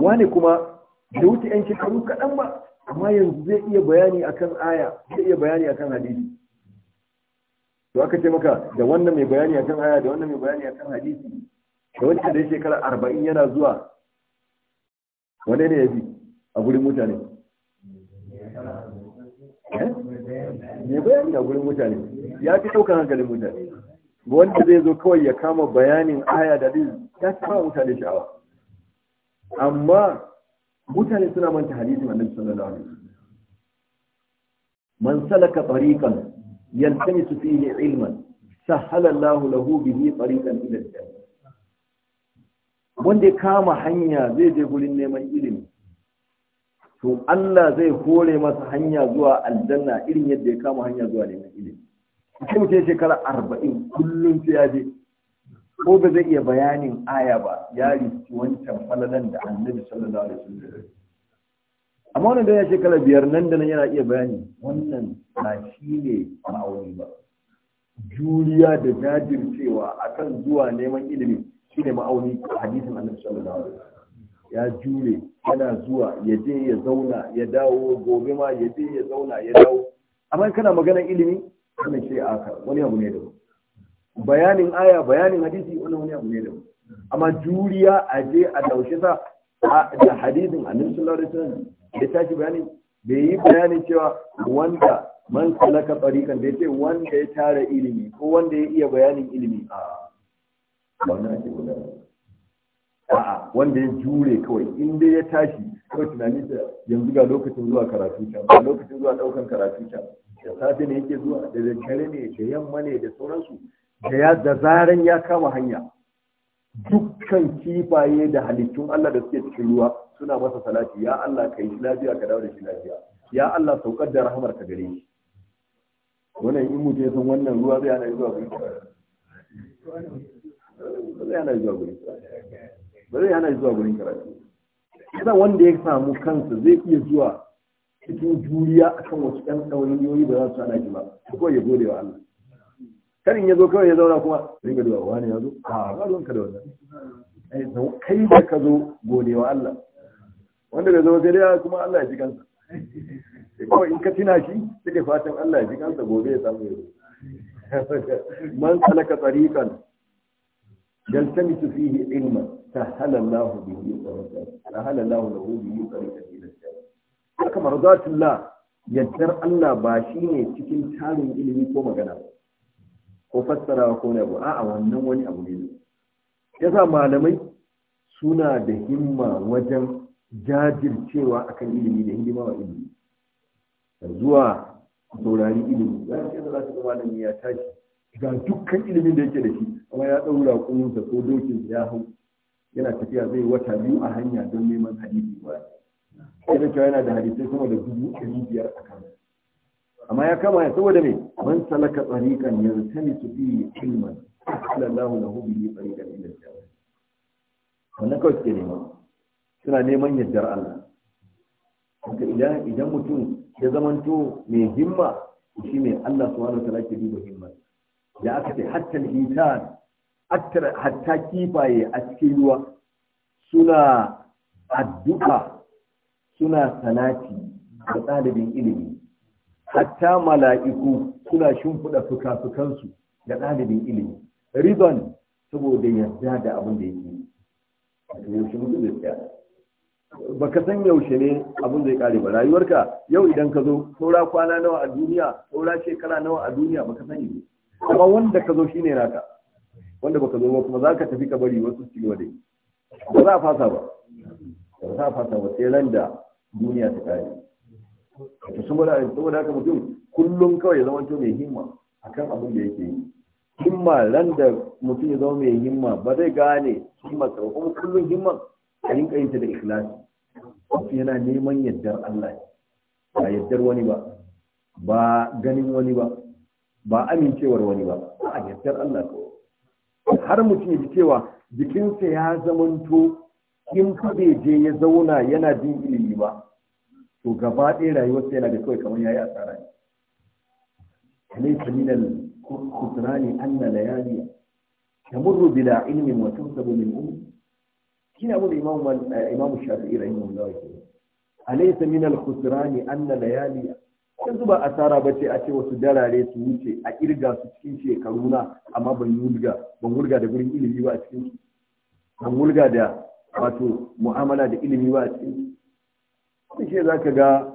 wani kuma da wuce yan shekaru kaɗan ba amma yanzu zai iya bayani akan aya zai iya bayani akan hadisi to aka ce maka da wannan mai bayani akan aya da wannan mai bayani akan hadisi da wancan da shekara arba'in yana zuwa wane ne ya bi a gurin mutane ne eh? bayani a gurin mutane ya fi ɗaukar hankalin mutane wanda zai zo kawai ya kama bayanin aya da ɗin ya kama mutane sha'awa amma mutane suna manta hadisin nan sallallahu alaihi wasallam man salaka tariqan yaltamisu fihi ilman sahala Allahu lahu bihi tariqan ila al-jannah wanda ya kama hanya zai je gurin neman ilimi to Allah zai hore masa hanya zuwa aljanna irin yadda ya kama hanya zuwa neman ilimi mutum ce shekara arba'in kullum sai ya je ko ba zai iya bayanin aya ba ya riski wancan falalan da annabi sallallahu alaihi wasallam amma wannan da ya shekara biyar nan da nan yana iya bayani wannan na shi ne ma'auni ba juriya da jajircewa akan zuwa neman ilimi shi ma'auni a hadisin annabi sallallahu alaihi wasallam ya jure yana zuwa ya je ya zauna ya dawo gobe ma ya je ya zauna ya dawo amma kana maganar ilimi kana shi aka wani abu ne da bayanin aya bayanin hadisi wani wani abu ne da amma juriya a je a daushe sa da hadisin annabi sallallahu alaihi wasallam ya tashi bayanin bai yi bayanin cewa wanda man salaka tariqan da ce wanda ya tara ilimi ko wanda ya iya bayanin ilimi a wannan ake gudanarwa a'a wanda ya jure kawai in dai ya tashi kawai tunani da yanzu ga lokacin zuwa karatu can ba lokacin zuwa daukan karatu can da safe ne yake zuwa da dare ne da yamma ne da sauransu da ya da zaran ya kama hanya dukkan kifaye da halittun Allah da suke cikin ruwa suna masa salati ya Allah kai shi lafiya ka dawo da shi lafiya ya Allah saukar da rahamar ka gare shi wannan in mu ya san wannan ruwa zai ana zuwa gurin zai ana zuwa gurin ba zai hana zuwa gurin karatu yana wanda ya samu kansa zai iya zuwa cikin juriya akan wasu ɗan ɗauriyoyi da za su hana shi ba kawai ya gode wa Allah karin ya zo kawai ya zauna kuma Zai ringa da wani ya zo a ba ka da wannan kai da ka zo gode wa Allah wanda da zo sai dai kuma Allah ya ji kansa kawai in ka tuna shi sai fatan Allah ya ji kansa gobe ya samu yau <laughs> man salaka tsarikan يلتمس فيه علما سهل الله به سهل الله له به طريقا الى الجنه كما الله Allah ba باشينه cikin tarin ilimi ko magana ko fassara ko ne ba a'a wannan wani abu ne yasa malamai suna da himma wajen jajircewa akan ilimi da hidima wa ilimi zuwa saurari ilimi za su ga malami ya tashi ga dukkan ilimin da yake da shi kuma ya ɗaura kunsa ko dokin ya hau yana tafiya zai wata biyu a hanya don neman hadisi ba Yana da cewa yana da hadisai sama da dubu ɗari biyar a kan amma ya kama ya saboda me man salaka tsarikan yantani su fi ilman sallallahu lahu ne tsarikan ila jannah wannan kawai suke nema suna neman yadda Allah haka idan idan mutum ya zamanto mai himma shi mai Allah subhanahu wa ta'ala ke duba himma da aka ce hatta al-hitan hatta kifaye a cikin ruwa suna addu'a suna sanati da ɗalibin ilimi hatta mala'iku suna shimfiɗa fuka-fukansu da ɗalibin ilimi ribon saboda yadda da abin da yake yaushe mutu zai tsaya ba ka san yaushe ne abin zai kare ba rayuwarka yau idan ka zo saura kwana nawa a duniya saura shekara nawa a duniya ba ka sani ba amma wanda ka zo shine naka wanda baka zo ba kuma za ka tafi ka bari wasu su yi wa dai ba za a fasa ba ba za a fasa ba sai ran da duniya ta kare to saboda saboda haka mutum kullum kawai ya zama mai himma akan abin da yake yi himma ran da mutum ya zama mai himma ba zai gane himma ka kuma kullum himma ka yi kayinta da ikhlasi wasu yana neman yaddar Allah ba yaddar wani ba ba ganin wani ba ba amincewar wani ba a yaddar Allah ko har mutum ya ji cewa jikinsa ya zamanto in fa bai je ya zauna yana bin ilimi ba to gaba ɗaya rayuwarsa yana da kawai kamar yayi asara ne alaysa min al khusrani anna layali tamurru bila ilimin wa sabo min umri kina mu imamu imam shafi'i rahimahullah alaysa min al khusrani anna layali yanzu ba asara ba ce a ce wasu darare su wuce a kirga su cikin shekaru na amma ban wulga ban wulga da gurin ilimi ba a cikin shi ban wulga da wato mu'amala da ilimi ba a cikin shi sun ce za ka ga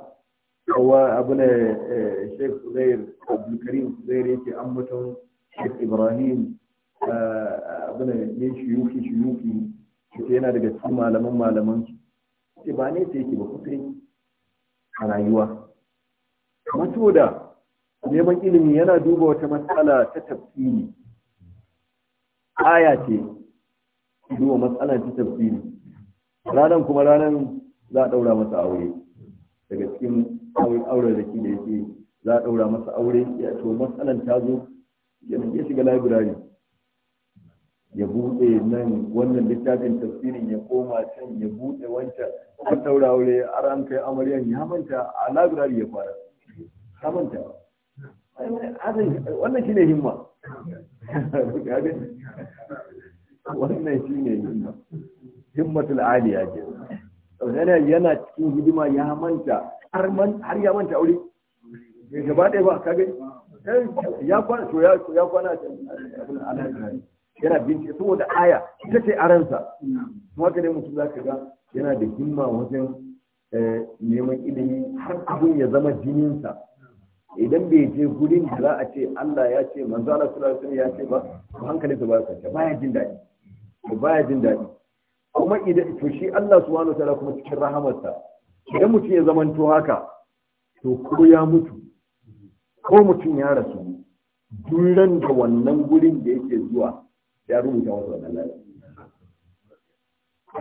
kawo abu na eh, sheikh zubair abdulkarim zubair yake an mutum sheikh ibrahim eh, abu na ne shiyuki shiyuki yana daga cikin malaman malaman ce ba ne sai yake ba kusa a rayuwa matoda neman ilimi yana duba wata matsala ta tafsiri aya ce duba matsala ta tafsiri ranar kuma ranar za a ɗaura masa aure daga cikin auren da ke da yake za a ɗaura masa aure ya to matsalan ta zo ya shiga library ya buɗe nan wannan littafin tafsirin ya koma can ya buɗe wancan an ɗaura aure a kai amaryan ya manta a labirari ya fara ka manta wannan shine himma wannan himma himmatul aliya ke yana yana cikin hidima ya manta har man har ya manta aure gaba ɗaya ba ka gani ya kwana to ya kwana abin alhaji yana bincike saboda aya ita ce aransa kuma ka ne mutum za ka ga yana da himma wajen eh, neman ilimi har abin ya zama jininsa idan bai je gurin da za a ce Allah ya ce manzo Allah sallallahu alaihi ya ce ba hankali sa ba kwance baya jin ba baya jin daɗi kuma idan to shi Allah subhanahu wa ta'ala kuma cikin rahamarsa idan mutum ya to haka to ko ya mutu ko mutum ya rasu duran da wannan gurin da yake zuwa ya rubuta wasu wannan lalata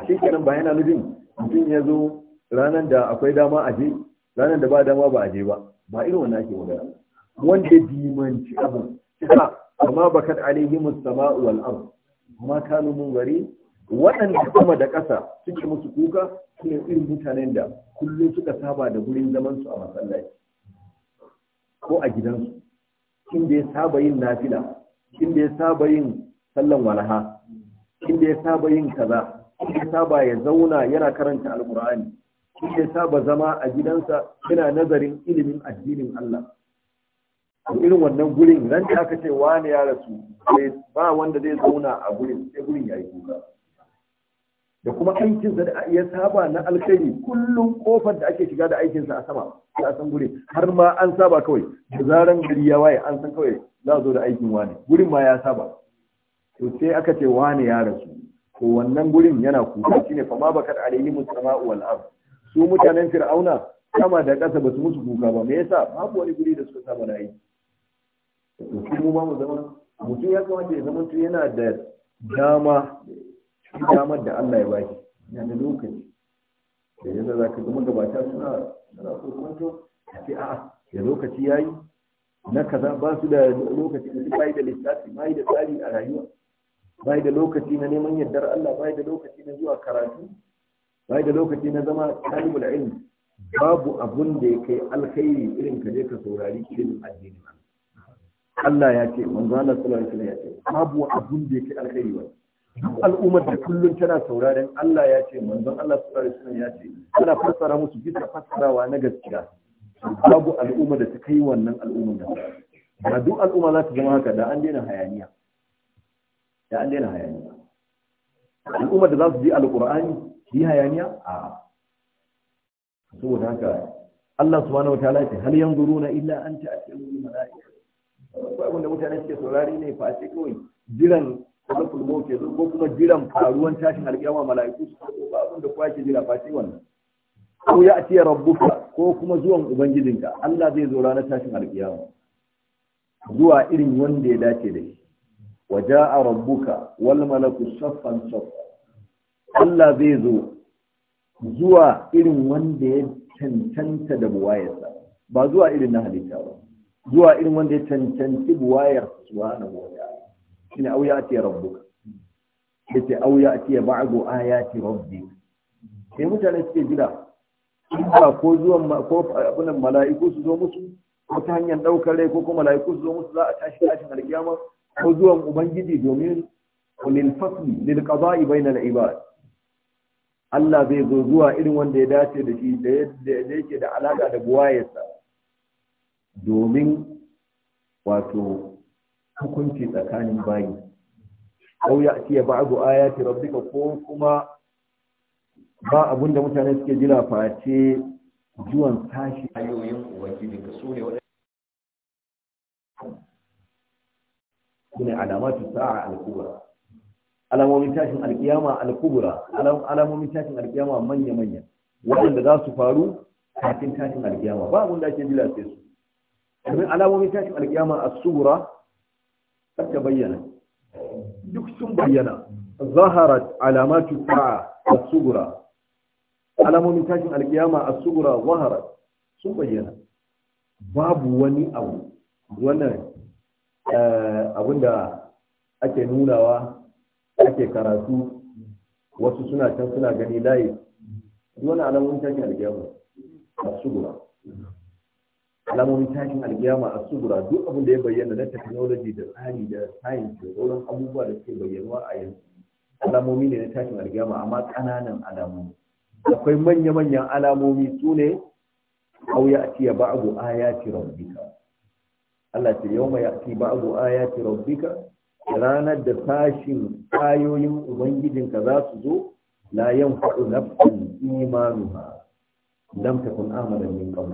shi kenan ba yana nufin mutum ya zo ranar da akwai dama a je ranar da ba dama ba a je ba ba irin wannan ake magana wanda dimanci abu. kisa amma bakat alaihi musama'u wal ard kuma kanu gari waɗanda kuma da ƙasa suke musu kuka suna irin mutanen da kullum suka saba da gurin zaman su a masallaci ko a gidansu inda ya saba yin nafila inda ya saba yin sallan walaha inda ya saba yin kaza inda ya saba ya zauna yana karanta alkur'ani shi ya saba zama a gidansa yana nazarin ilimin addinin Allah irin wannan gurin ran da aka ce wani ya rasu ba wanda zai zauna a gurin sai gurin ya yi kuka da kuma aikinsa da ya saba na alkhairi kullum kofar da ake shiga da aikinsa a sama a san gurin har ma an saba kawai da zaran gari ya waye an san kawai za a zo da aikin wani gurin ma ya saba to sai aka ce wani ya rasu to wannan gurin yana kuka ne fa ma bakar alayhi musama'u wal ard su mutanen fir'auna sama da ƙasa ba su musu kuka ba me yasa babu wani guri da suka saba da yi to mu ba mu zama mutum ya kamata ya zama yana da dama damar da Allah ya baki yana da lokaci da yadda za ka zama gabata suna suna kokonto a ce a'a da lokaci ya yi na kaza ba su da lokaci da bayi da lissafi ba da tsari a rayuwa ba da lokaci na neman yardar Allah ba da lokaci na zuwa karatu bai da lokaci na zama talibul ilm babu abun da ya kai alkhairi irin ka je ka saurari ilimin addini Allah ya ce manzo Allah sallallahu alaihi wasallam ya ce babu abun da ya kai alkhairi ba al'ummar da kullum tana sauraren Allah ya ce manzo Allah sallallahu alaihi wasallam ya ce kana fassara musu bisa fassarawa na gaskiya babu al'umma da ta kai wannan al'ummar da ba duk al'umma za ta zama haka da an daina hayaniya da an daina hayaniya al'ummar da za su ji alqur'ani yi hayaniya a saboda haka Allah subhanahu wataala ce hal yanzuruna illa an ta'tiyahum malaika akwai wanda mutane suke saurari ne fa sai kawai jiran malakul maut ya zo ko kuma jiran faruwan tashin alƙiyama malaiku su ko ba abin da kowa ke jira fa sai wannan ko ya atiya rabbuka ko kuma zuwan ubangijinka Allah zai zo ranar tashin alƙiyama zuwa irin wanda ya dace da shi waja'a rabbuka wal malaku saffan saffa Allah zai zo zuwa irin wanda ya cancanta da buwayarsa ba zuwa irin na halitta ba zuwa irin wanda ya cancanci buwayar subhanahu wa ta'ala shine au ya ce rabbuka yace au ya ce rabu ayati rabbi sai mutane suke jira ba ko zuwan ko abunan mala'iku su zo musu ko ta hanyar daukar rai ko kuma mala'iku su zo musu za a tashi tashin alkiyama ko zuwan ubangiji domin lil fasli lil qada'i bainal ibad Allah bai zuwa irin wanda ya dace da shi da yake da alaka da buwayarsa domin wato hukunci tsakanin bayi au ya ce abu ayati rabbika ko kuma ba abunda mutane suke jira face zuwan tashi ayoyin ubangiji ka sune wadannan kuma alamatu sa'a al-kubra alamomin tashin alkiyama alkubura alamomin tashin alkiyama manya-manya waɗanda za su faru kafin tashin alkiyama ba abin da ake jira sai su domin alamomin tashin alkiyama a sura ta bayyana duk sun bayyana zaharat alamatu sa'a a sura alamomin tashin alkiyama a sura zaharat sun bayyana babu wani abu wannan eh, abin da ake nunawa ake karatu wasu suna can suna gani layi wani alamomin tashin alkiyama a sugura alamomin tashin alkiyama a sugura duk abin da ya bayyana na technology da tsari da science da sauran abubuwa da suke bayyanuwa a yanzu alamomi ne na tashin alkiyama amma ƙananan alamomi akwai manya-manyan alamomi su ne au ya ci ba'du ayati rabbika Allah ce yawma ya'ti ba'du ci rabbika ranar da tashin ayoyin ka za su zo la yanfa'u nafsan imanuha lam kun amara min qabl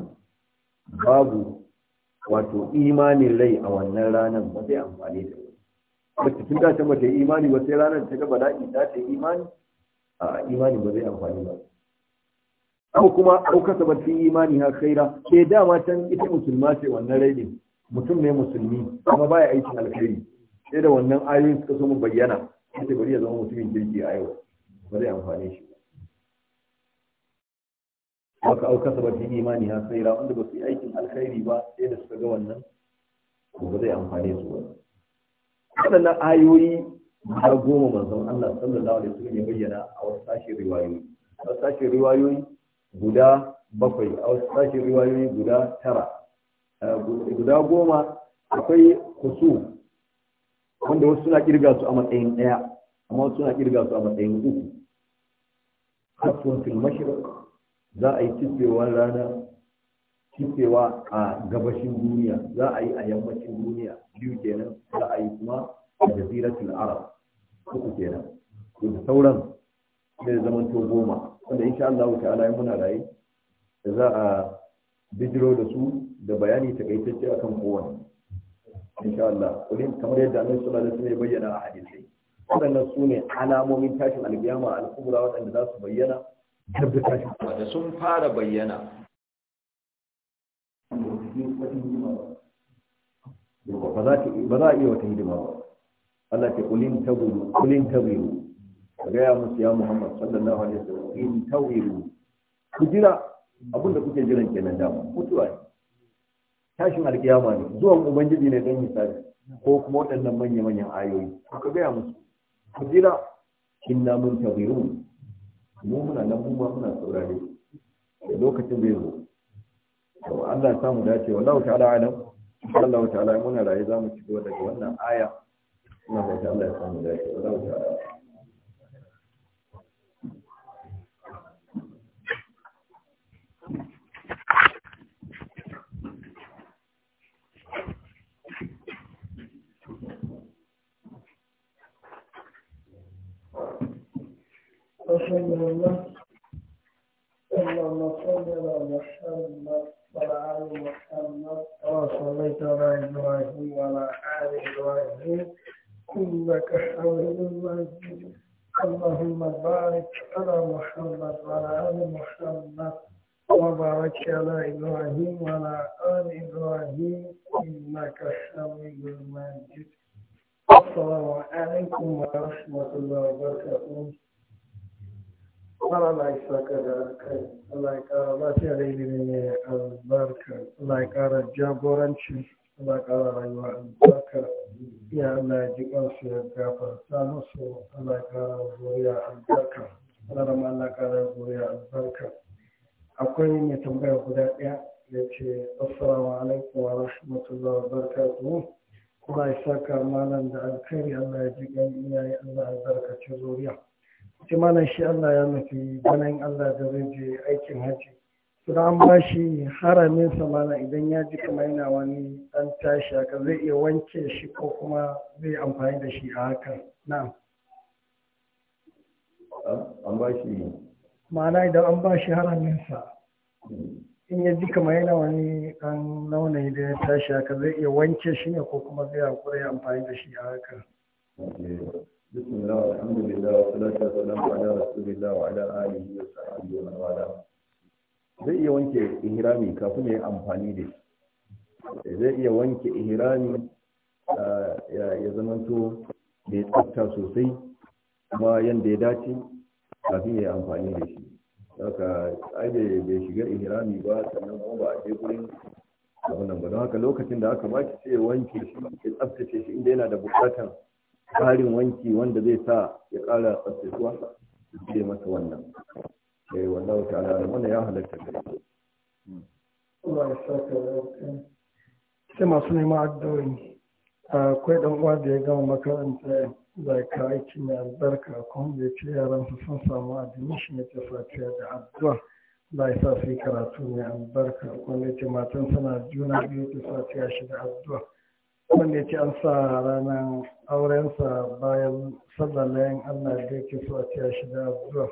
babu wato imanin rai a wannan ranar ba zai amfani da wata tun da ta bata imani ba sai ranar ta gaba bala'i ta ce imani a imani ba zai amfani ba ko kuma auka ba ta imani ha khaira ke dama can ita musulma ce wannan rai ne mutum ne musulmi kuma baya aikin alkhairi sai da wannan ayoyin suka so mu bayyana sai bari ya zama mutumin kirki a yau ba zai amfane shi ba ka auka sabar fi imani ha sai ra wanda ba su yi aikin alkhairi ba sai da suka ga wannan ba zai amfane su ba waɗannan ayoyi har goma manzon Allah sallallahu alaihi wasallam ya bayyana a wasu sashin riwayoyi a wasu sashin riwayoyi guda bakwai a wasu sashin riwayoyi guda tara eh, guda goma akwai kusu wanda wasu suna kirga su a matsayin ɗaya amma wasu suna kirga su a matsayin uku hatsun fil za a yi cifewa rana cifewa a gabashin duniya za a yi a yammacin duniya biyu kenan za a yi kuma a jaziratul arab uku kenan da sauran zai zama to goma wanda insha Allah ta'ala in muna raye da za a bijiro da su da bayani takaitacce akan kowanne. In sha Allah kullum kamar yadda Annabi sallallahu alaihi wasallam ya bayyana a hadisi waɗannan su ne alamomin tashin alƙiyama al-kubra waɗanda za su bayyana dabba tashin da sun fara bayyana ba za a iya wata hidima ba Allah ce kulin tabiru kulin tabiru gaya musu ya Muhammad sallallahu alaihi wasallam in tawiru ku jira abinda kuke jiran kenan dama mutuwa ne tashin alkiyama ne zuwan ubangiji ne don misali ko kuma waɗannan manya-manyan ayoyi ka gaya musu ku jira inna mun tabiru mu muna nan mu muna saurare da lokacin zai zo to Allah ya samu dace wallahu ta'ala alam Allah ta'ala muna raye zamu ci gaba daga wannan aya muna fata Allah ya samu dace wallahu ta'ala وسلم الله اللهم صل على محمد وعلى ال محمد كما على ابراهيم وعلى ال ابراهيم انك حميد مجيد اللهم بارك على محمد وعلى ال محمد وبارك على ابراهيم وعلى ال ابراهيم انك حميد مجيد السلام عليكم ورحمه الله وبركاته Allah ya saka da kai da ilimi ne albarka kara jagoranci Allah ya rayuwa albarka ya Allah ya ji ya gafarta musu Allah ya kara zuriya albarka Allah ma Allah ƙara zuriya albarka akwai mai tambaya guda ɗaya ya ce assalamu alaikum wa rahmatullahi wa barakatuhu Allah ya saka malam da alkhairi Allah ya ji ya yi Allah ya zuriya shi malam shi Allah ya nufi ganin Allah da zai je aikin hajji suna an ba shi haramin samana idan ya ji kamar yana wani dan tashi haka zai iya wanke shi ko kuma zai amfani da shi a haka na'am an ba shi ma'ana idan an ba shi haramin sa in ya ji kama yana wani dan launayi da ya tashi haka zai iya wanke shi ne ko kuma zai hakura ya amfani da shi a haka بسم الله والحمد لله والصلاة والسلام على رسول الله وعلى آله وصحبه ومن والاه zai iya wanke ihrami kafin ya yi amfani da shi zai iya wanke ihrami ya zamanto da ya tsafta sosai kuma yadda ya dace kafin ya yi amfani da shi haka ai bai shiga ihrami ba sannan kuma ba a je gurin abin nan ba don haka lokacin da aka baki sai ya wanke shi ya tsaftace shi inda yana da bukatan tsarin wanki wanda zai sa ya ƙara tsaftacewa ce masa wannan eh wallahu ta'ala da wanda ya halatta gare sai masu neman addu'o'i akwai dan uwa da ya gama makaranta kawo aiki mai albarka kuma ya ce yaran su sun samu admission ya ce da addu'a za a su yi karatu mai albarka kuma ya ce matan suna juna biyu ta shi da addu'a wanda ya ce an sa ranar aurensa bayan sallar layin allah da yake so a tiya shi da abubuwa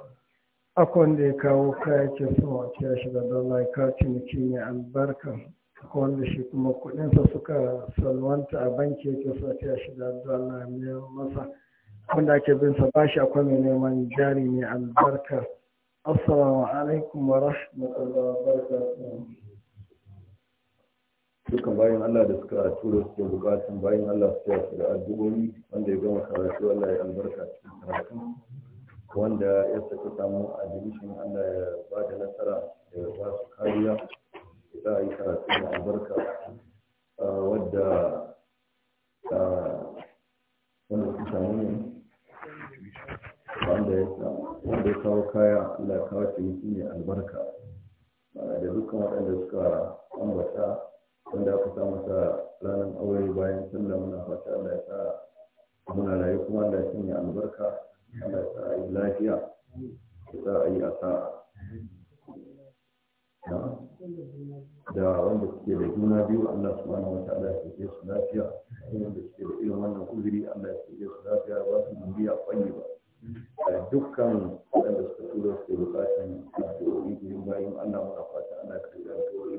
akwai wanda ya kawo kaya ke so a tiya shi da dala ya kawo ciniki mai albarka akwai wanda shi kuma kuɗinsa suka salwanta a banki yake so a tiya shi da dala mai masa wanda ake bin sa shi akwai mai neman jari mai albarka assalamu alaikum wa rahmatullahi wa barakatuhu. dukkan bayan Allah da suka tura suke bukatun bayan Allah su su da addu'o'i wanda ya gama karatu Allah ya albarka cikin karatu wanda ya saka samu a admission Allah ya ba da nasara da ba su kariya za a yi karatu da albarka wadda wanda su samu ne wanda ya kawo kaya Allah ya kawo ciniki ne albarka da dukkan waɗanda suka ambata wanda aka sa masa ranar aure bayan sanda muna fata Allah ya sa muna rayu kuma da ya sanya albarka Allah ya sa a yi lafiya ya sa a yi da wanda suke da juna biyu Allah subhanahu wa Allah ya suke su lafiya wanda suke da irin wannan kuzuri Allah ya suke su lafiya ba su a kwanye ba dukkan waɗanda suka tura su bukatan addu'o'i bayan Allah muna fata Allah ya karɓi addu'o'i